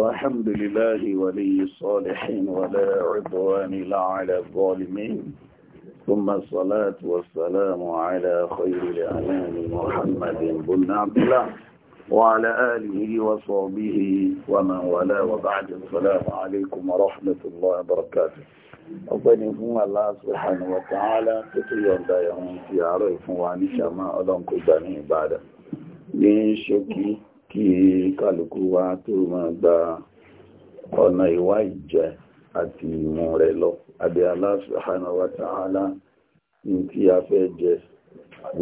الحمد لله ولي الصالحين ولا عدوان لا على الظالمين ثم الصلاة والسلام على خير الأنام محمد بن عبد الله وعلى آله وصحبه ومن والاه وبعد السلام عليكم ورحمة الله وبركاته ọgbẹ́ni الله سبحانه وتعالى تطير ta'ala في tó وعن شماء ti àárọ̀ بعد من ní kí kálukú wa tó máa gba ọ̀nà ìwá ìjẹ àti ìmú rẹ̀ lọ abẹ́ Allah subhanahu wa ta'ala ní tí a fẹ́ jẹ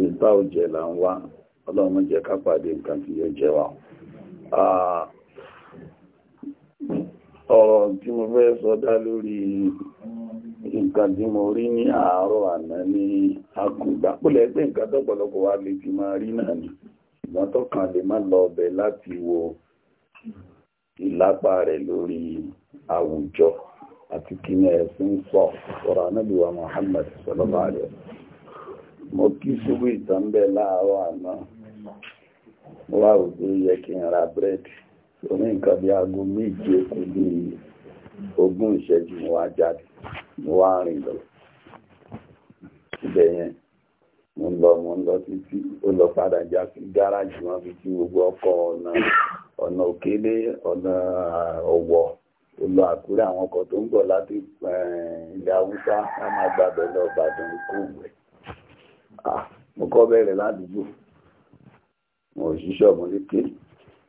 ìgbà òjẹ̀ là ń wá ọlọ́run jẹ́ ká pàdé nǹkan tí yóò jẹ wa ọ̀rọ̀ tí mo fẹ́ sọ dá lórí nǹkan tí mo rí ní àárọ̀ àná ní àkùgbà púlẹ̀ pé nǹkan tọ́pọ̀lọpọ̀ wa lè ti máa rí náà ni ṣùgbọ́n tọ́kàn lè má lọ lati láti wo ìlápa rẹ̀ lórí àwùjọ àti kíní ẹ̀sìn sọ ọ̀rọ̀ anábìwà Muhammad sallallahu alaihi mo kí ṣubú ìtàn bẹ́ẹ̀ láàárọ̀ àná mo wá rò yẹ kí n ra búrẹ́dì oní nǹkan bí aago méje ogún ìṣẹ́jú mo ń lọ mo ń lọ títí ó lọ padà já sí gáràjì wọn fi tí gbogbo ọkọ̀ ọ̀nà ọ̀nà òkèlè ọ̀nà ah, ọ̀wọ̀ ó lọ àkúrẹ́ àwọn ọkọ̀ tó ń bọ̀ láti eh, ilẹ̀ haúsá wọn máa gbàgbẹ́ lọ ìbàdàn ìkóòwé ah, mo kọ́ bẹ̀rẹ̀ ládùúgbò mo ṣiṣọ́ mo lè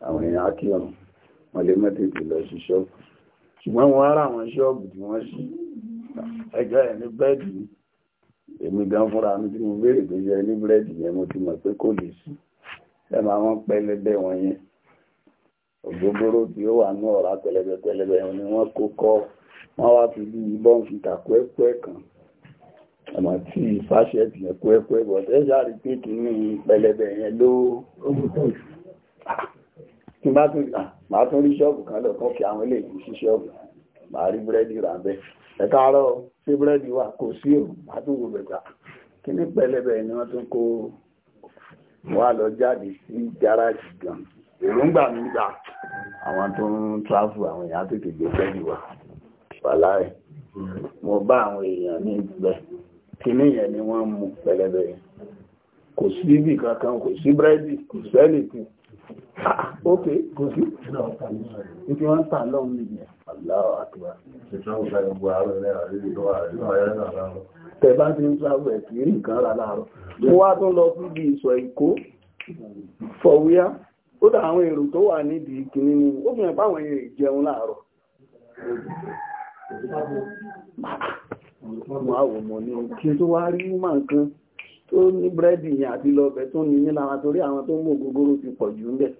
àwọn èèyàn akíọ̀nù wọn lè mẹ́tẹ̀ẹ̀tẹ̀ lọ ṣiṣọ́ ṣùgbọ́n wọn ara àwọn ṣọ́ọ̀bù tí wọ́n ṣí ẹjọ́ ẹ̀ ní bẹ́ẹ̀dì ni èmi gan fúnra mi tí mo béèrè pé yẹ ní búrẹ́dì yẹn mo ti mọ̀ pé kò lè sí ẹ máa wọ́n pẹlẹbẹ wọn yẹn ògógóró tí ó wà ní ọ̀rá pẹlẹbẹ pẹlẹbẹ wọn ni wọ́n kó kọ́ wọ́n wá fi bí ìbọn fi tà kúẹ́kúẹ́ kan àmọ́ tí fáṣẹ́tì yẹn kúẹ́kúẹ́ bọ̀ ṣe ṣáàrí pé kí ní pẹlẹbẹ yẹn ló tí bá tún rí ṣọ́ọ̀bù kan lọ kọ́ kí àwọn eléyìí sí ṣọ́ọ̀bù màá rí búrẹ́dì rà bẹ́ẹ̀ ẹ̀ka àárọ̀ ṣé búrẹ́dì wà kò sí o àtúwò bẹ̀gbà kí ní pẹlẹbẹ ni wọ́n tún kó wà lọ jáde sí gáràjì gan èròǹgbà mi gbà àwọn tó ń tráfù àwọn èèyàn tètè gbé búrẹ́dì wà wàláì mo bá àwọn èèyàn ní ìgbẹ́ kíní yẹn ni wọ́n mú pẹlẹbẹ yẹn kò sí bíbì kankan kò sí búrẹ́dì kò sẹ́nì kù ah, ok kò sí ní tí wọ́n ń tà lọ́wọ́ nìyẹn aláwọ̀ tẹ̀bá ti ń sáwọ̀ ẹ̀kìrí nǹkan rà láàárọ̀ wọ́n wá tún lọ sí ibi ìsọ̀ ìkó fọ̀wíá ó dà àwọn èrò tó wà nídìí kìíní ni ó fi hàn páwọn èèyàn ìjẹun láàárọ̀ wọ́n àwọ̀ mọ̀ ní kí tó wá rí mú màá kan tó ní búrẹ́dì yẹn àti lọ́bẹ̀ tó ní nílára torí àwọn tó mú ògógóró ti pọ̀ jù ń bẹ̀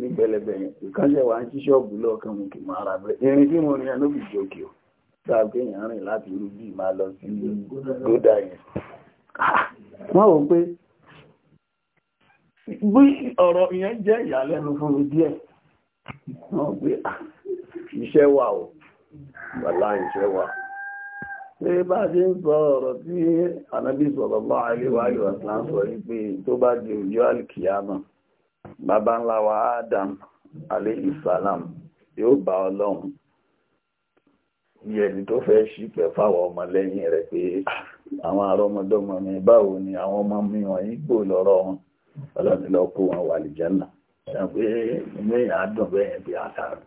ní pẹlẹbẹ yẹn ìkánṣẹ wa ń ṣí ṣọ́ọ̀bù lọọkan mo kì máa ra bẹ́ẹ̀ irin tí mo rìn yẹn ló fi jẹ òkè o sáà kéèyàn rìn láti irú bíi máa lọ sí gòdà yẹn wọ́n wò pé bí ọ̀rọ̀ ìyẹn jẹ́ ìyàlẹ́nu fún mi díẹ̀ wọ́n pé ah, iṣẹ́ wà o bàlá iṣẹ́ wà pé bá ṣe ń sọ ọ̀rọ̀ tí ànábì sọ̀rọ̀ bá aléwáyọ̀ àtàlá sọ wípé tó bá di ọjọ́ alìkìyàmọ̀ bàbá ńlá wa Adam alayhi salam yóò bá ọlọ́run bí ẹni tó fẹ́ ṣìpẹ̀ fáwọn ọmọlẹ́yìn rẹ̀ pé ah, àwọn àrọ́mọdọ́mọ mi báwo ni àwọn ọmọ mi wọ̀nyí gbò lọ́rọ̀ wọn ọlọ́run lọ kó wọn wà lìjánà ṣàpé mẹ́yìn àádùn bẹ́yẹn bí àtàrà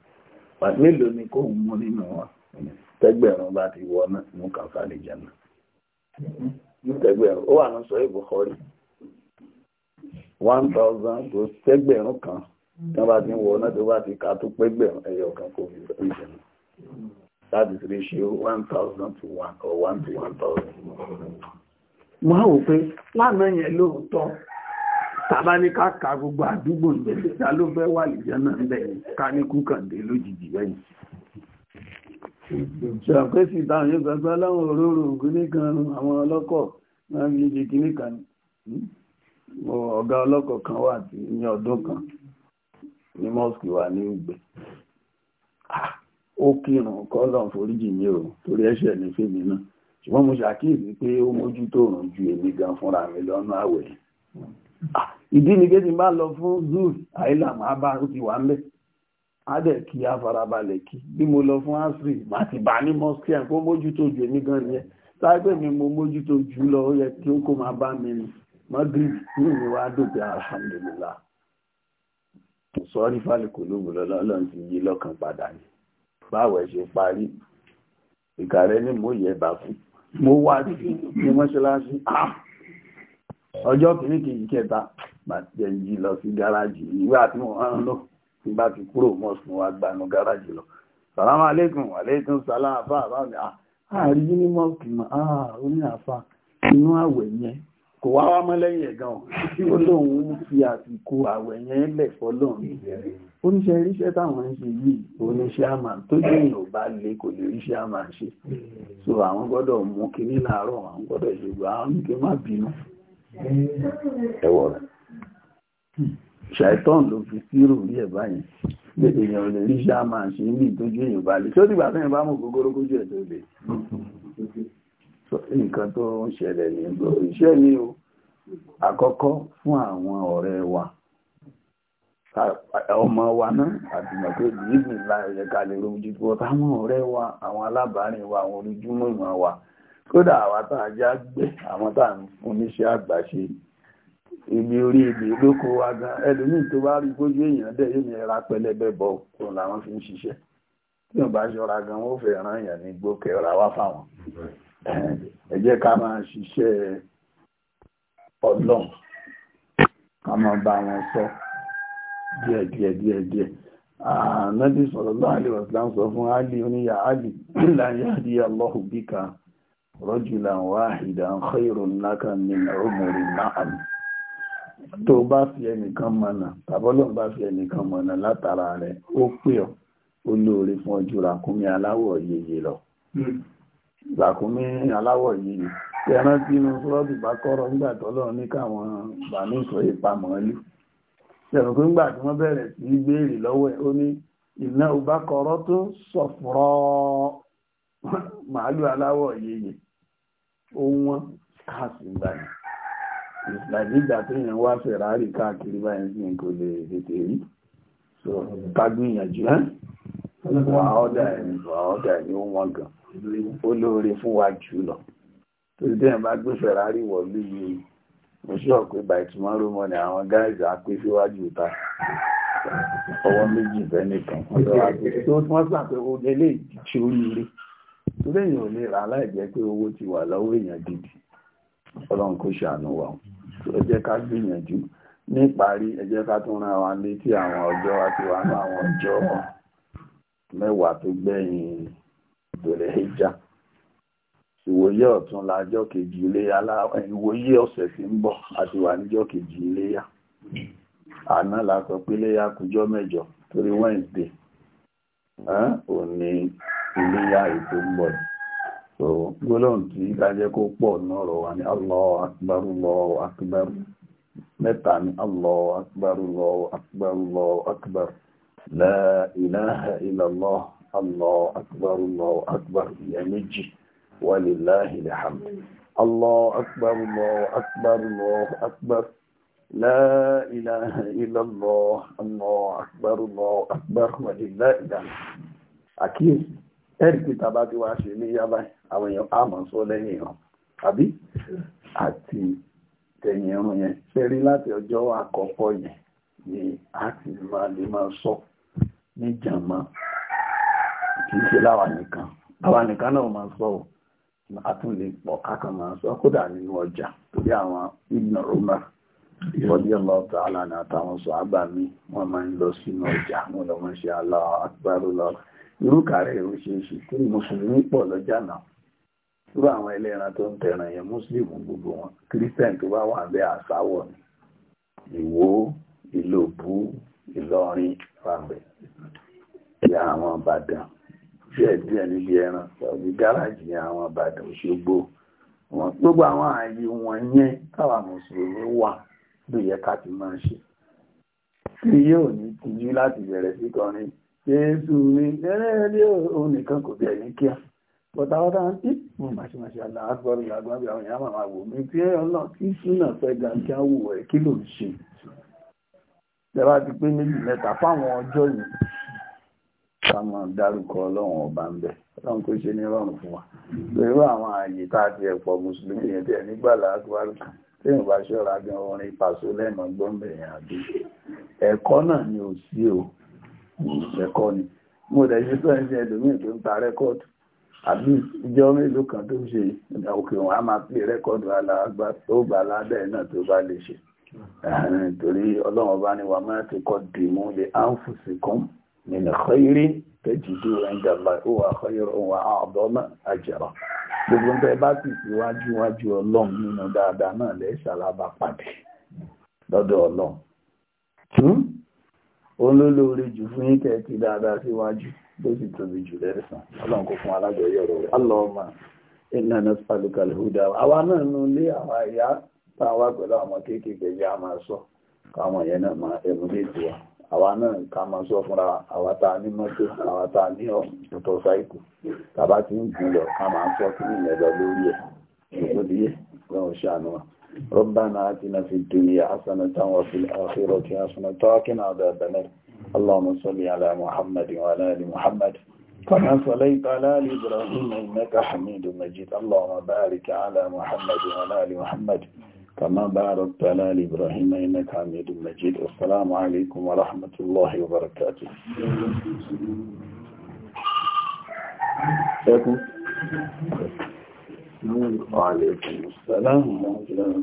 pàtó ni kò mú nínú wọn tẹgbẹ̀rún bá ti wọ náà mú kàfà lìjánà tẹgbẹ̀rún ó wà ní ìbùkọ́rí one thousand kò sẹ́gbẹ̀rún kan mm. tí wọ́n bá ti ń wọ náà tó bá ti ka tó pẹ́gbẹ̀rún ẹyọ kan kò fi bẹ̀rẹ̀ ìṣẹ̀lẹ̀ that is ratio one thousand to one or one to one thousand. mo á wò pé lánàá yẹn lóòótọ́ tàbá ní ká ka gbogbo àdúgbò ń bẹ̀rẹ̀ ta ló fẹ́ wà lìjẹ́ náà ń bẹ̀ ká ní kúkàndé lójijì bẹ́yìn ṣàpẹ́sì táwọn yóò gbàgbá láwọn òróró ògùn nìkan àwọn ọlọ́kọ̀ máa ń lè jẹ́ kìnnìkan mo ọ̀gá ọlọ́kọ̀ kan wà tí ní ọdún kan ní mọ́sùkì wà ní Ugbe ah, ó kírun kọ́lọ̀ foríjì mi ò torí ẹ̀ṣẹ̀ ní fèmí náà ṣùgbọ́n mo ṣàkíyèsí pé ó mójú tó rùn ju èmi gan fúnra mi lọ́nà àwẹ̀ ah, ìdí ni kéde bá lọ fún zul àìlà máa bá ó ti wà ń bẹ̀ á dẹ̀ kí á farabalẹ̀ kí bí mo lọ fún asri má ti bá ní mọ́sùkì ẹ̀ kó mójú tó ju èmi gan nìyẹn táyé pé mi mo mójú tó jù lọ ó yẹ kí ó kó máa bá mi ni magrib ní ìní wá dùnkẹ́ alhamdulillah sọ́rí fálìkò lóògùn lọ́lọ́lọ́n ti yí lọ́kàn padà ní báwẹ̀ ṣe parí ìkàrẹ́ ní mo yẹ bá fún mo wá ní mọ́ṣáláṣí ah! ọjọ́ kìíní kìí kẹta bàtẹ́ yí lọ sí gáràjì ìwé àti wọn ń lò tí bá ti kúrò mọ́sùn wa gbanú gáràjì lọ sàlámù alẹ́kùn alẹ́kùn sàlámù àfà àbáwọn ah, ní mọ́ọ̀kì mọ́ ah, kò wá wá mọ́ lẹ́yìn ẹ̀gán ó lóun fi àsìkò àwẹ̀ yẹn lẹ̀ fọ́lọ́run oníṣẹ́ iríṣẹ́ táwọn ń ṣe yìí oníṣẹ́ àmà tó jẹ́yìn ò bá lè kò lè ríṣẹ́ àmà ṣe so àwọn gbọ́dọ̀ mú kíní láàárọ̀ àwọn gbọ́dọ̀ ṣègbà àwọn nìkan má bínú ẹ̀wọ̀ rẹ̀ ṣàìtàn ló fi sírù rí ẹ̀ báyìí gbèdè yẹn lè ríṣẹ́ àmà ṣe ní ìtọ́jú èèyàn bá lè tó dìgbà fẹ́yìn bá mú gbogbo nǹkan tó ń ṣẹlẹ̀ ní iṣẹ́ ni o àkọ́kọ́ fún àwọn ọ̀rẹ́ wa ọmọ wa náà àti mọ̀tò yìí la ẹ̀yẹ ká lè rojú tó táwọn ọ̀rẹ́ wa àwọn alábàárìn wa àwọn olójúmọ̀ ìmọ̀ wa kódà àwa tá a já gbé àwọn tá à ń fún níṣẹ́ àgbàṣe ibi orí ibi lóko wa gan ẹlòmíì tó bá rí gbójú èèyàn dẹ̀ yóò ní ẹra pẹlẹbẹ bọ òun làwọn fi ń ṣiṣẹ́ tí wọn bá ṣọ́ra gan wọn ò fẹ́ ràn yàn ní gbókè ọ̀rá wá fáwọn ẹ jẹ́ ká máa ṣiṣẹ́ ọlọ́run ká máa bá wọn sọ díẹ̀ díẹ̀ díẹ̀ díẹ̀ ànábì sallallahu alaihi wasallam sọ fún Àlì oníyà Àlì la yahdi Allahu bika rajulan wahidan khayrun laka min umri na'am tó bá fi ẹnìkan mọ̀nà tàbọ́lọ̀ bá fi ẹnìkan mọ̀nà látara rẹ̀ ó pè ọ́ ó fún ọjọ́ ràkúnmí aláwọ̀ yeye lọ ìgbàkúnmí aláwọ̀ yìí tí ẹ rántí inú sọ́ọ̀tù bá kọ́rọ̀ nígbà tọ́lọ́ ní káwọn bàmí sọ ìpamọ́ lù ṣẹ̀rù pé ńgbà tí wọ́n bẹ̀rẹ̀ sí í béèrè lọ́wọ́ ẹ̀ ó ní ìná ọba kọ́rọ́ tó sọ̀fọ̀rọ̀ màálù aláwọ̀ yìí ó wọ́n káàsì báyìí ìsìláàjì ìgbà tó yẹn wá fẹ̀rari káàkiri báyìí sí kò lè tètè rí so ká gbìyànjú wà ọ́dà ẹ̀ wà ọ́dà ẹ̀ ní ó wọ́n gan olóore fún wa jù lọ tó ti dẹ́yìn bá gbé Ferrari wọ̀lú yìí mo sọ pé by tomorrow morning àwọn guys á pé síwájú ìta ọwọ́ méjì fẹ́ nìkan wọ́n sọ wá pé wọ́n gbà pé o lè ṣe oríire tó lẹ́yìn ò lè rà láìjẹ́ pé owó ti wà lọ́wọ́ èèyàn gidi ọlọ́run kò ṣàánú wa ẹ jẹ́ ká gbìyànjú ní ìparí ẹ jẹ́ ká tún ra wa létí àwọn ọjọ́ àti wà ní àwọn ọjọ́ mẹ́wàá tó gbẹ̀yìn ìbẹ̀rẹ̀ ìjà ìwòye ọ̀túnla ọjọ́ kejì iléyà ìwòye ọ̀sẹ̀ tí ń bọ̀ àti wà níjọ́ kejì iléyà àná la sọ pé iléyà kújọ́ mẹ́jọ torí Wednesday ní iléyà ètò ń bọ̀ so gbólóhùn tí kájẹ́ kó pọ̀ náà rọ̀ wá Allahu akbar Allahu akbar ìyẹn ولله الحمد الله أكبر الله أكبر الله أكبر لا إله إلا الله الله أكبر الله أكبر walillahil hamd àkíyèsí ẹ̀rí pé tàbá tí wàá ṣe ní yábá àwọn èèyàn àmọ́ sọ lẹ́yìn ìran àbí àti tẹ̀yìn irun yẹn ṣe láti ọjọ́ àkọ́kọ́ yẹn ni a ti máa lè máa sọ níjàmá kìí ṣe láwa nìkan àwa nìkan náà máa sọ ọ́ àtún lè pọ̀ kákan máa sọ kódà nínú ọjà torí àwọn Ibn Umar ìwọ́dí ọlọ́ọ̀tà alànà àtàwọn sọ àgbà mi wọ́n máa ń lọ sínú ọjà wọn lọ wọ́n ṣe Allahu Akbar lọ irú kàrẹ́ ìrú ṣe é ṣe kí mùsùlùmí pọ̀ lọ́jà náà irú àwọn ẹlẹ́ran tó ń tẹran yẹn mùsùlùmí gbogbo wọn kírísítẹ̀n tó bá wà bẹ́ẹ̀ àsáwọ̀ ni ìwó ìlòbú ìlọrin wà bẹ́ẹ̀ ìyá àwọn Ìbàdàn díẹ̀ díẹ̀ níbi ẹran tàbí gáràjì àwọn àbàdàn Òṣogbo wọn gbogbo àwọn ààyè wọn yẹn táwa mùsùlùmí wà ló yẹ ká ti máa ṣe tí yóò ní tijú láti bẹ̀rẹ̀ sí kọrin Jésù mi gẹ́rẹ́ ní òun nìkan kò bẹ̀rẹ̀ ní kíá pọ̀tàwọ́tà ń tí mo hmm, máa ṣe máa ṣe àlà àgbọ̀rù àgbàbí àwọn èèyàn máa wò mí tí ọlọ́ tí súnà fẹ́ ga kí á wò ẹ̀ kí ló ń ṣe ìjọba ti pé méjì mẹ́ta fáwọn ọjọ́ yìí ká máa dárúkọ ọlọ́run ọba ń bẹ̀ ọlọ́run kó ṣe ní rọrùn fún wa pẹ̀lú àwọn ààyè tá ẹ̀pọ̀ mùsùlùmí yẹn tí ẹ̀ nígbà láàkúwárù tí ìwà ṣọ́ra gan orin pàṣẹ lẹ́nu gbọ́nbẹ̀yìn àbí ẹ̀kọ́ náà ni ò sí o ẹ̀kọ́ ni mo dẹ̀ ṣe sọ ẹ̀sìn ẹlòmíì tó ń ta rẹ́kọ́ọ̀dù àbí ìjọ mélòó kan tó ń ṣe òkè wọn a máa pè rẹ́kọ́ọ̀dù alágbá tó gbà ládẹ́ náà tó bá lè ṣe torí ọlọ́run ọba ni wàá máa ti kọ́ dìímú lè áǹfùsì kan من khairin تجدوا عند الله هو khairun wa a'zama ajra gbogbo ń bẹ́ẹ̀ bá sì síwájú wájú ọlọ́run nínú dáadáa náà lẹ́sà lábàpàdé lọ́dọ̀ ọlọ́run tún hmm? olólóore jù fún yíkẹ́ ti dáadáa síwájú ló sì tóbi jù lẹ́sàn ọlọ́run kò fún alájọyọ̀rọ̀ rẹ̀ alọ́ọ̀mà iná náà pàlùkà lóòdà àwa náà nù lé àwọn ìyá táwa pẹ̀lú àwọn kéékèèké yá máa sọ káwọn yẹn náà máa ẹnu léèdè wa àwa náà ká máa sọ fúnra àwa tá a ní mọ́tò àwa tá a ní ọ̀tọ̀ sáìkù tàbá ti ń gùn lọ ká máa sọ kí nìyẹn lọ lórí ẹ̀ gbogbo díẹ̀ lọ́wọ́ ṣàánú wa ربنا آتنا في الدنيا حسنة وفي الآخرة حسنة وقنا عذاب النار اللهم صل على محمد وعلى آل محمد كما صليت على آل إبراهيم إنك حميد مجيد اللهم بارك على محمد وعلى آل محمد كما باركت على إبراهيم إنك حميد مجيد والسلام عليكم ورحمة الله وبركاته وعليكم السلام ورحمة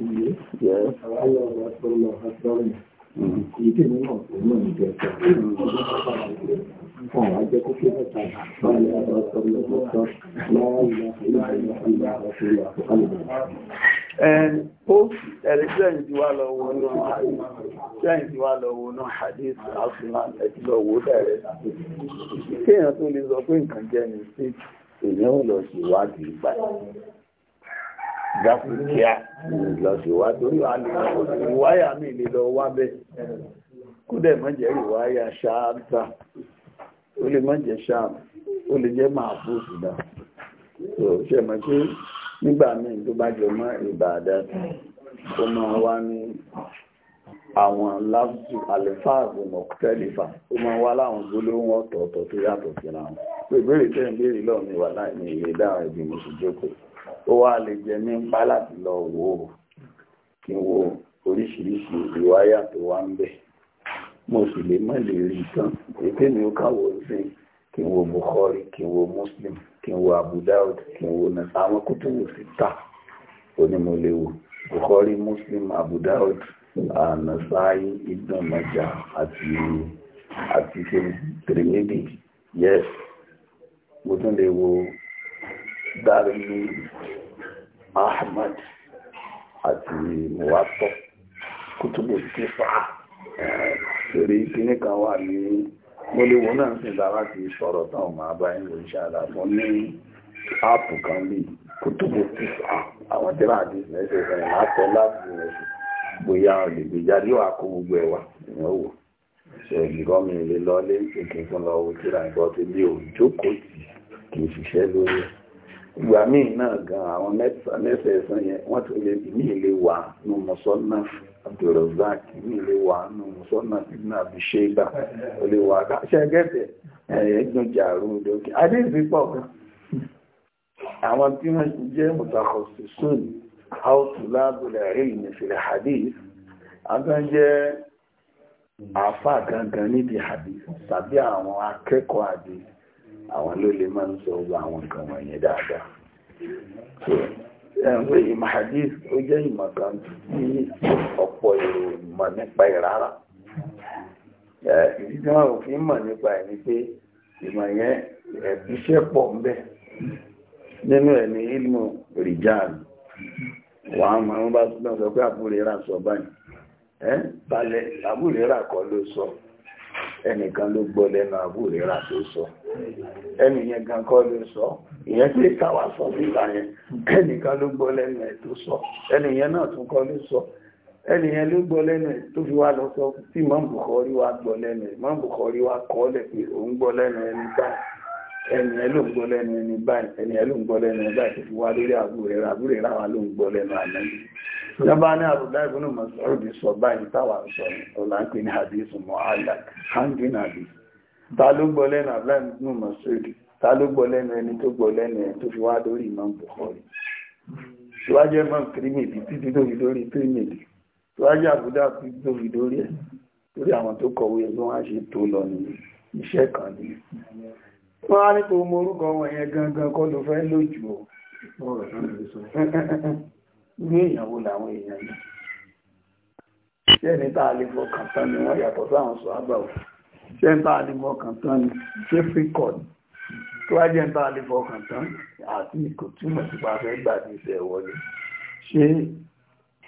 الله وبركاته ìdèmí náà kò ní ìjẹ Àwọn ajẹ́ kó kí mẹ́ta láàrin àwọn ọ̀sán lọ́sọ̀tọ̀ láàrin àwọn ìlú ìlú àti ìlú àkọ́kọ́. Ó ẹ̀rẹ́ sẹ́yìn tí wá lọ wo náà sẹ́yìn tí wá lọ wo náà Hadith Abdullah ẹ̀tí lọ wo dẹ̀rẹ̀. Kéèyàn tó lè sọ pé nǹkan jẹ́ ní sí èèyàn ò lọ ṣèwádìí gáfíríkíà lọ sí wá torí ìwáyà mi lè lọ wá bẹ́ẹ̀ kó dẹ̀ má jẹ́ ìwáyà ṣáàtà ó lè má jẹ́ ṣáàtà ó lè jẹ́ máa fún ìsìdá tó ṣe mọ̀ pé nígbà míì tó bá jọ mọ́ ìbàdà ó máa wá ní àwọn lábùtù àlefáàbù mọ̀kútẹ́lifà ó máa wá láwọn gbólóhùn ọ̀tọ̀ọ̀tọ̀ tó yàtọ̀ síra wọn pé ìbéèrè tẹ́ ń béèrè lọ́ọ̀ mi wà láì ní ilé dáhùn ìbí ó wá lè jẹ mí ń pa láti lọ wò ó kí n wo oríṣiríṣi ìwáyà tó wá ń bẹ mo sì lè mọ̀ lè rí tán èké mi ó káwọ́ sí kí n wo Bukhari kí n wo Muslim kí n wo Abu kí n wo nasa àwọn kútùbù síta onímọ̀lẹ́wò Bukhari Muslim Abu Dawud Nasai Ibn Majah àti àti ṣe Tirmidhi yes mo tún lè wo dárí Ahmad àti muwatọ kútùbù tífà ṣeré eh, kíní kan wà ní mọ́léwó náà da dára ti sọ̀rọ̀ tán máa bá ń wòṣà àdàfún ni áàpù kan bí kútùbù tífà àwọn na àti ìsinẹ́sẹ̀ ìfẹ̀yìn látọ̀ láti rẹ̀ sí bóyá olùgbé jáde wà kó gbogbo ẹ̀wà ìyẹn wò ṣe ìgbìkan mi lè lọ lé ìpínlẹ̀ fún lọ́wọ́ tíra ìgbà míì náà gan àwọn mẹ́sẹ̀ẹ̀sán yẹn wọ́n tún lè ní ilé wà nù mọ́sọ́nà Abdulrazak ní ilé wà nù mọ́sọ́nà ibùnà abisheba olè wà ṣẹ́gẹ́tẹ̀ ẹ̀ẹ́dùn jàrú lókè adéǹsì pọ̀ àwọn tí wọ́n jẹ́ mutakhasisun àwọn ló lè máa ń sọ gbogbo àwọn nǹkan wọ̀nyẹn dáadáa ẹ̀rọ ìmọ̀ hadith ó jẹ́ ìmọ̀ kan tí ọ̀pọ̀ èrò ìmọ̀ nípa ẹ̀ rárá ìdí tí wọn ò fi mọ̀ nípa ẹ̀ ni pé ìmọ̀ yẹn ẹ̀bíṣẹ́ pọ̀ ń bẹ nínú ẹ̀ ní ilmu rijal wà á máa ń bá sọ pé àbúrò rà sọ báyìí ẹ́ balẹ̀ àbúrò rà kọ́ ló sọ ẹnìkan ló gbọ́ lẹ́nu àbúrẹ́ rà tó sọ ẹnì yẹn gan kọ́ ló sọ ìyẹn tí káwà sọ síta yẹn ẹnìkan ló gbọ́ lẹ́nu ẹ̀ tó sọ ẹnì yẹn náà tún kọ́ ló sọ ẹnì yẹn ló gbọ́ lẹ́nu ẹ̀ tó fi wá lọ sọ tí mọ́ǹbùkọ́rí wá gbọ́ lẹ́nu ẹ̀ mọ́ǹbùkọ́rí wá kọ́ lẹ̀ pé òun gbọ́ lẹ́nu ẹni báyìí ẹni ẹ ló ń gbọ́ lẹ́nu ẹni báyìí ẹni ẹ ló ń gbọ́ lẹ́nu ẹni báyìí tó fi wá lórí àbúrẹ́ lọ́bá ní àbúdáì bínú Mas'ud sọ báyìí táwà ń sọ ọ̀làǹkì ní hadith mu'allaq hangin hadith ta ló na lẹ́nu àbúdáì bínú Mas'ud ta ló gbọ́ lẹ́nu ẹni tó na ẹni tó fi wá lórí tó fi lórí kìrìmìdì síwájú àbúdá títí irú èèyàn wo làwọn èèyàn yìí ṣé ẹni tá a lè fọkàn tán ni wọ́n yàtọ̀ sáwọn sọ àbà ò ṣé ẹni tá a lè fọkàn tán ni ṣé fíkọ tó wá jẹ́ ẹni tá a lè fọkàn tán àti kò túmọ̀ sí pàṣẹ gbà ní ìṣẹ̀ wọlé ṣé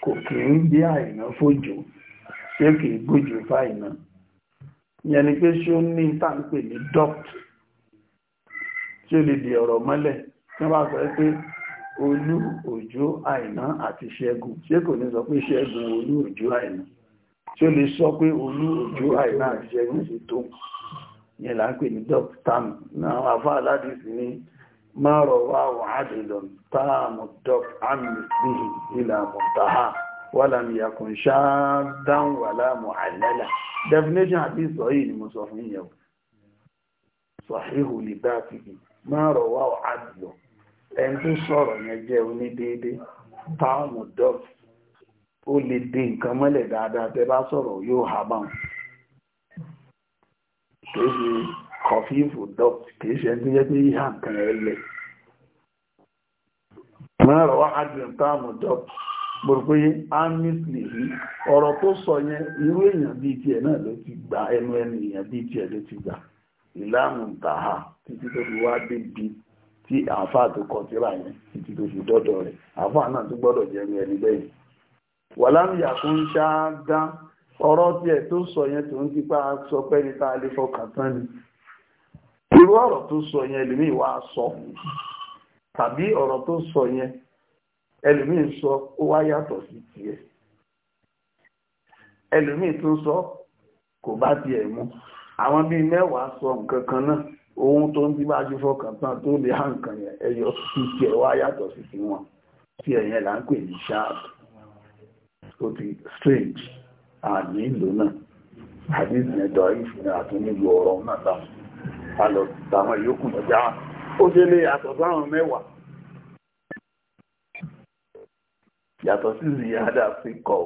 kò kì í gbé àìná fòjò ṣé kì í gbójú fáìná ìyẹn ni pé ṣé ó ní táǹpẹ̀ ní dọ́pt ṣé ó lè di ọ̀rọ̀ mọ́lẹ̀ tí wọ́n bá sọ pé olú òjó àìná àti ṣẹ́gun ṣé kò ní sọ pé ṣẹ́gun olú òjó àìná tí ó lè sọ pé olú òjó àìná àti ṣẹ́gun sí tó yẹn là ń pè ní dọ́pítàmù náà àfá aládìsí ní márọ̀ wá wàádìlọ̀ táàmù dọ́pítàmù sí ìlàmù tàhà wà lámì yàkùn ṣáádáhùn wà láàmù àìlẹ́là definition àti sọ yìí ni mo sọ fún yẹn sọ̀híhù lè bá ti márọ̀ wá wàádìlọ̀ ẹni tó sọ̀rọ̀ yẹn jẹ́ onídéédé táwọn dọ́f ó lè dé nǹkan mọ́lẹ̀ dáadáa tẹ́ bá sọ̀rọ̀ yóò há báwọn kìí ṣe kọfíìfù dọ́f kìí ṣe ẹni tó nǹkan lẹ̀ wá táwọn gbogbo yé honestly rí ọ̀rọ̀ tó sọ yẹn irú èèyàn bíi tiẹ̀ náà ló ti gbà ẹnu ẹnu èèyàn bíi tiẹ̀ ló ti gbà ìlànà títí tó fi tí àáfàá tó kọ yẹn títí tó fi dọ́dọ̀ rẹ̀ àáfàá náà tó gbọ́dọ̀ jẹ́ ní ẹni bẹ́yìn. wàlámìyà kò ń ṣáádá ọ̀rọ̀ tiẹ̀ tó sọ yẹn tó ń tipa sọ pé ní a lè fọkàn tán ni irú ọ̀rọ̀ tó sọ yẹn ẹlòmíì wá sọ tàbí ọ̀rọ̀ tó sọ yẹn ẹlòmíì sọ ó wá yàtọ̀ sí tiẹ̀ ẹlòmíì tó sọ kò bá tiẹ̀ mú àwọn bíi mẹ́wàá sọ nǹkan kan náà ohun tó ń bí bá jú fọkàn tán tó lè hàn kan yẹn ẹyọ títí ẹ yàtọ̀ sí ti wọn tí ẹ̀yẹn là ń pè ní sharp ó ti strange àmì ìlú náà àti ìsìnẹ̀dọ̀ ìfìnà àti nílùú ọ̀rọ̀ náà táwọn alọ táwọn yòókù lọ́jà ó ṣe lè yàtọ̀ sáwọn mẹ́wàá yàtọ̀ sí ziyada sí kọ̀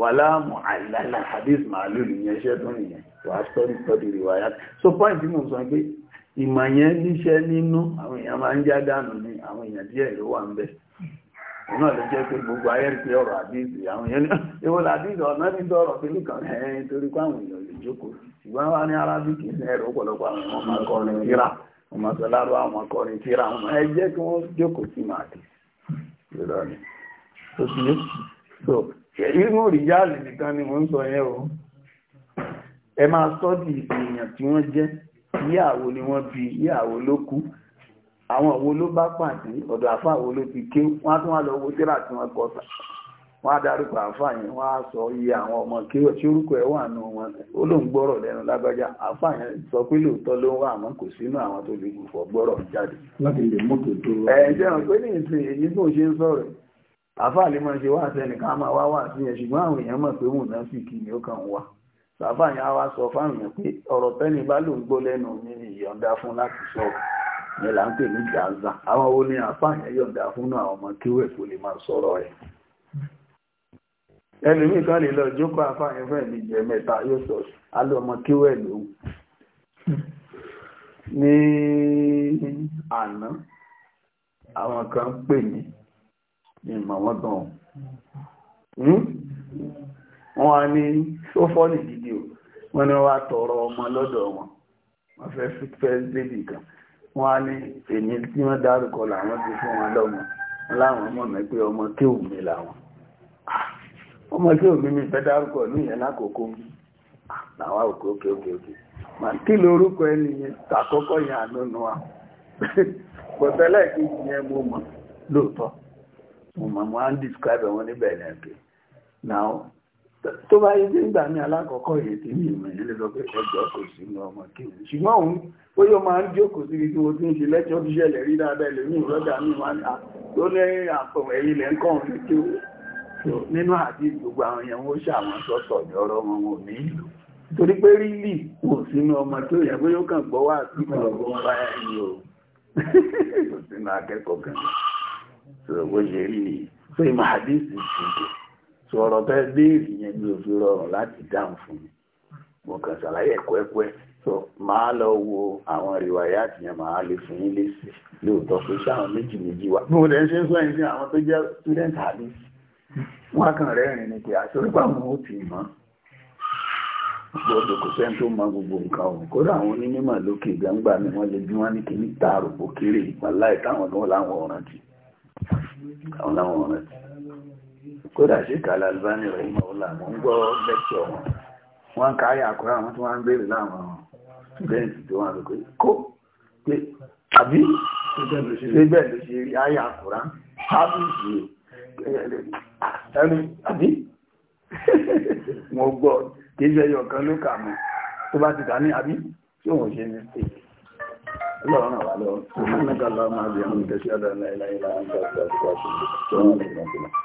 wàlámù àìláìlà hadith màálù nìyẹn iṣẹ́ tó nìyẹn wàá sọ́rí sọ́rí rìwáyà so point tí mo sọ pé ìmọ̀ yẹn níṣẹ́ nínú àwọn èèyàn máa ń já ni àwọn èèyàn díẹ̀ ló wà ń bẹ̀ náà ló jẹ́ pé gbogbo ayé rí pé ọ̀rọ̀ àdíìsì àwọn èèyàn ìwọ làdíìsì ọ̀nà ní dọ́rọ̀ pé nìkan ẹ̀ẹ́n torí pé àwọn èèyàn lè jókòó ṣùgbọ́n wá ní arábìkì ní ẹ̀rọ ọ̀pọ̀lọpọ̀ àwọn ọmọ akọrin tíra ọmọ akọrin tíra àwọn ẹ jẹ́ kí wọ́n jókòó sí máa irú àlè nìkan ni mò ń o ẹ máa sọ́dì èèyàn tí wọ́n jẹ́ yíyàwó ni wọ́n bí yíyàwó ló kú àwọn òwò ló bá pàdé ọ̀dọ̀ àfà wo ló ti ké wọ́n á tún wá lọ wo tíra tí wọ́n kọ́ wọ́n á darúgbà àfà yẹn wọ́n á sọ iye àwọn ọmọ kí ọtí orúkọ ẹ̀ wà nù wọn ó lóun gbọ́rọ̀ lẹ́nu lágbájá àfà yẹn sọ pé lóòótọ́ ló ń wá àmọ́ kò sínú àwọn tó lè gbùfọ̀ gbọ́rọ̀ jáde. láti lè mú tòótọ́ rẹ. ẹ jẹ́ pé ní ìsìn èyí tó ń ṣe ń sọ̀rọ̀ àfà sàfà yẹn á wá sọ fáwọn èèyàn pé ọ̀rọ̀ tẹ́ni bá ló ń gbọ́ lẹ́nu mi ni ìyọ̀ǹda fún láti sọ yẹn là ń pè ní jàǹzà àwọn wo ni àfà yẹn yọ̀ǹda fún náà àwọn ọmọ kíwẹ̀ kò lè máa sọ̀rọ̀ ẹ̀ ẹlòmíì kan lè lọ jókòó àfà yẹn fẹ́ẹ̀ jẹ mẹ́ta yóò sọ alẹ́ ọmọ kíwẹ̀ lòun ní àná àwọn kan pè mí hmm? ní ìmọ̀ wọn gan ní ó wọ́n ní wá tọrọ ọmọ lọ́dọ̀ wọn wọ́n fẹ́ fẹ́ bébì kan wọ́n á ní èmi tí wọ́n dárúkọ làwọn ti fún wọn lọ́mọ láwọn ọmọ mi pé ọmọ kí ò mi làwọn ah! ọmọ kí ò mi mi fẹ́ dárúkọ ní ìyẹn lákòókò mi ah! làwọn òkè òkè òkè òkè mà kí lorúkọ ẹni yẹn tàkọ́kọ́ yẹn ànúnú wa pọ̀tẹ́lẹ̀ kí yẹn mo mọ̀ lóòótọ́ mo mọ̀ mo á ń describe wọn níbẹ̀ yẹn pé now tó bá yé nígbà ní alákọ̀ọ́kọ́ yìí tí ní ìmọ̀ yìí lè lọ pé ẹjọ́ kò sí ní ọmọ kìíní ṣùgbọ́n òun ó yóò máa ń jókòó sí ibi tí ń ṣe lẹ́tọ́ tó ṣẹlẹ̀ rí dáadáa ẹlòmíì lọ́jà mi wá ní tó ní àpọ̀wẹ̀ yìí ń kọ́ òun kí nínú àti gbogbo àwọn èèyàn wọn ó ṣàwọn sọ́sọ̀ ní ọ̀rọ̀ wọn ò ní ìlú torí pé rílì kò sínú ọmọ tó yẹ pé yóò kàn gbọ́ wà sí ọ̀gbọ́n bá ẹni sọ̀rọ̀ bẹ́ẹ̀ béèrè yẹn mi ò fi rọrùn láti dáhùn fún mi mo kàn ṣàlàyé ẹ̀kọ́ ẹ̀kọ́ so máa lọ wo àwọn ìrìwàyà àtìyàn máa lè fún yín lésì lóòótọ́ pé ṣé àwọn méjì méjì wà bí mo dẹ̀ ń ṣe ń sọ yín sí àwọn tó jẹ́ student habits wọn kàn rẹ́rìn ni pé àṣọrípà mú ó ti mọ́ gbọ́dọ̀ kò sẹ́ni tó mọ gbogbo nǹkan ọ̀hún kódà àwọn onímọ̀ lókè gbangba ni wọ́n lè bí wọ́n ní kí ní taarò bó kéré ìpàláì táwọn náà láwọn ọ̀ràn ti àwọn láwọn ọ̀ràn ti kódà sí kàlà albani rẹ̀ ìmọ̀ ọ̀la mọ̀ ń gbọ́ lẹ́kṣọ̀ wọn wọ́n ń káyà àkọ́rà wọn tí wọ́n ń béèrè láwọn students tó wà lókè kó pé àbí ṣe bẹ́ẹ̀ ló ṣe rí ayé àkùrá hábìsì ẹni àbí wọ́n gbọ́ kí ṣe yọ kan ló kà mọ́ tó bá ti kà ní àbí tí òun ṣe ní ṣe Ọlọ́run náà wà lọ́wọ́. Ṣé mọ́ nígbà lọ́wọ́ máa bí ọmọ ìdẹ́sí ọ̀dọ́ ilẹ̀ ilẹ̀ ìlànà ìgbà tó wà sí ọ̀rọ̀ ìgbà tó wà.